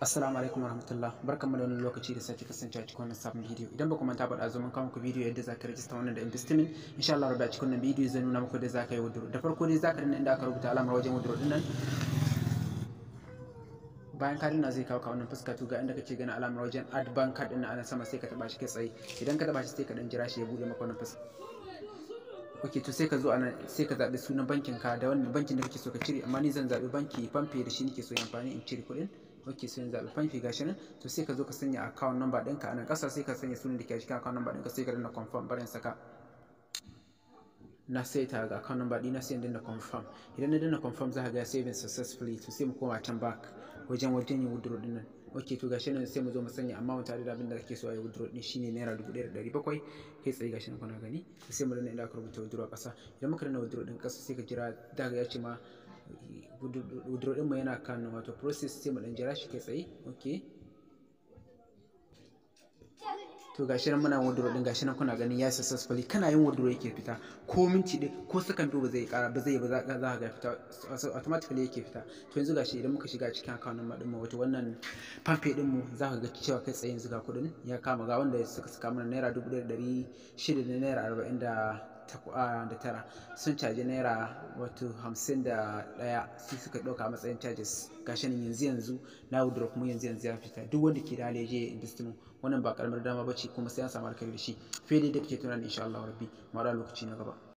Assalamu alaikum warahmatullah barkamu da wannan lokaci da sake kasancewa cikin wannan sabon bidiyo idan ba ku manta ba ɗazu mun kawo muku bidiyo yadda za ka rajista wannan da investment insha Allah rabbi a cikin wannan bidiyo zan nuna muku da za ka yi withdraw da farko ne za ka rinna inda aka rubuta alamar wajen withdraw din nan bayan ka dinna zai kawo ka wannan fuska to ga inda kake gani alamar wajen add bank card din nan sama sai ka taba shi kai tsaye idan ka taba shi sai ka dan jira shi ya bude maka wannan fuska ok to sai ka zo anan sai ka zaɓi sunan bankin ka da wannan bankin da kake so ka cire amma ni zan zabi banki famfe da shi nake so amfani in cire kuɗin ok sun yanzu alfan fi gashi nan to sai ka zo ka sanya account number ɗinka a nan ƙasa sai ka sanya sunan da ke cikin account number ɗinka sai ka danna confirm barin saka na ta ga account number na sai in danna confirm idan na danna confirm za ka ga saving successfully to sai mu koma can back wajen wajen yin withdraw ɗin nan ok to gashi nan sai mu zo mu sanya amma mu tare da abin da kake so a yi withdraw ɗin shine naira dubu ɗaya da ɗari bakwai kai tsaye gashi nan kuna gani sai mu danna inda aka rubuta withdraw ƙasa idan muka danna withdraw ɗin ƙasa sai ka jira da ya ce ma withdraw ɗinmu yana kan wato process sai mu ɗan jira shi kai tsaye ok to gashi nan muna wardrobe din gashi nan kuna ganin ya successfully kana yin wardrobe yake fita ko minti ɗaya ko sakan biyu ba zai ƙara ba zai ba za ka ga fita automatically yake fita to yanzu gashi idan muka shiga cikin account number din mu wato wannan fanpage din mu za ka ga cewa kai tsaye yanzu ga kuɗin ya kama ga wanda suka saka mana naira dubu ɗaya da ɗari shida da naira arba'in da da tara sun caji naira wato hamsin da daya su suka dauka a matsayin charges gashi nan yanzu yanzu na wudura mu yanzu yanzu ya fita duk wanda ke da inda invest mu wannan ba karamar dama ba ce kuma sai an samu alkhairi da shi fede da yadda kake tunanin insha Allah rabbi mara lokaci na gaba